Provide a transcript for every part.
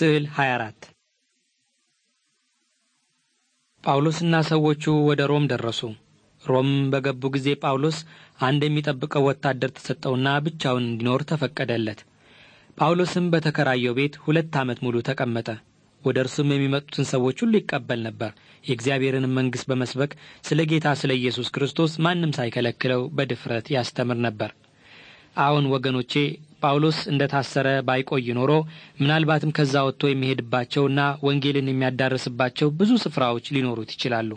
ስዕል 24 ጳውሎስና ሰዎቹ ወደ ሮም ደረሱ። ሮም በገቡ ጊዜ ጳውሎስ አንድ የሚጠብቀው ወታደር ተሰጠውና ብቻውን እንዲኖር ተፈቀደለት። ጳውሎስም በተከራየው ቤት ሁለት ዓመት ሙሉ ተቀመጠ። ወደ እርሱም የሚመጡትን ሰዎች ሁሉ ይቀበል ነበር። የእግዚአብሔርንም መንግሥት በመስበክ ስለ ጌታ ስለ ኢየሱስ ክርስቶስ ማንም ሳይከለክለው በድፍረት ያስተምር ነበር። አሁን ወገኖቼ ጳውሎስ እንደ ታሰረ ባይቆይ ኖሮ ምናልባትም ከዛ ወጥቶ የሚሄድባቸውና ወንጌልን የሚያዳርስባቸው ብዙ ስፍራዎች ሊኖሩት ይችላሉ።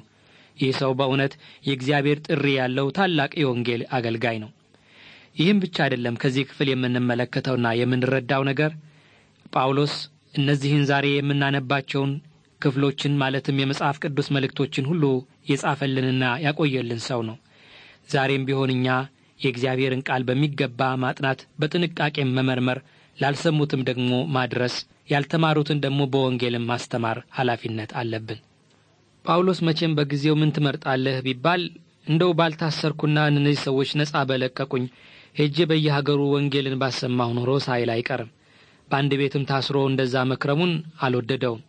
ይህ ሰው በእውነት የእግዚአብሔር ጥሪ ያለው ታላቅ የወንጌል አገልጋይ ነው። ይህም ብቻ አይደለም። ከዚህ ክፍል የምንመለከተውና የምንረዳው ነገር ጳውሎስ እነዚህን ዛሬ የምናነባቸውን ክፍሎችን ማለትም የመጽሐፍ ቅዱስ መልእክቶችን ሁሉ የጻፈልንና ያቆየልን ሰው ነው። ዛሬም ቢሆን እኛ የእግዚአብሔርን ቃል በሚገባ ማጥናት፣ በጥንቃቄም መመርመር፣ ላልሰሙትም ደግሞ ማድረስ፣ ያልተማሩትን ደግሞ በወንጌልም ማስተማር ኃላፊነት አለብን። ጳውሎስ መቼም በጊዜው ምን ትመርጣለህ ቢባል እንደው ባልታሰርኩና እነዚህ ሰዎች ነፃ በለቀቁኝ ሄጄ በየሀገሩ ወንጌልን ባሰማሁ ኖሮ ሳይል አይቀርም። በአንድ ቤትም ታስሮ እንደዛ መክረሙን አልወደደውም።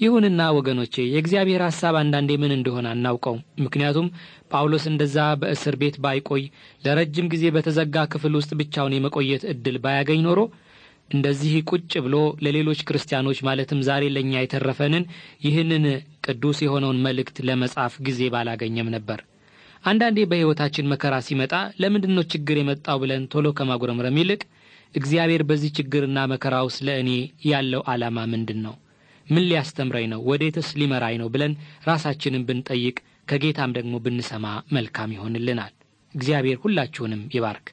ይሁንና ወገኖቼ የእግዚአብሔር ሐሳብ አንዳንዴ ምን እንደሆነ አናውቀው። ምክንያቱም ጳውሎስ እንደዛ በእስር ቤት ባይቆይ፣ ለረጅም ጊዜ በተዘጋ ክፍል ውስጥ ብቻውን የመቆየት ዕድል ባያገኝ ኖሮ እንደዚህ ቁጭ ብሎ ለሌሎች ክርስቲያኖች ማለትም ዛሬ ለእኛ የተረፈንን ይህንን ቅዱስ የሆነውን መልእክት ለመጻፍ ጊዜ ባላገኘም ነበር። አንዳንዴ በሕይወታችን መከራ ሲመጣ ለምንድን ነው ችግር የመጣው ብለን ቶሎ ከማጉረምረም ይልቅ እግዚአብሔር በዚህ ችግርና መከራ ውስጥ ለእኔ ያለው ዓላማ ምንድን ነው ምን ሊያስተምረኝ ነው? ወዴትስ ሊመራኝ ነው? ብለን ራሳችንን ብንጠይቅ ከጌታም ደግሞ ብንሰማ መልካም ይሆንልናል። እግዚአብሔር ሁላችሁንም ይባርክ።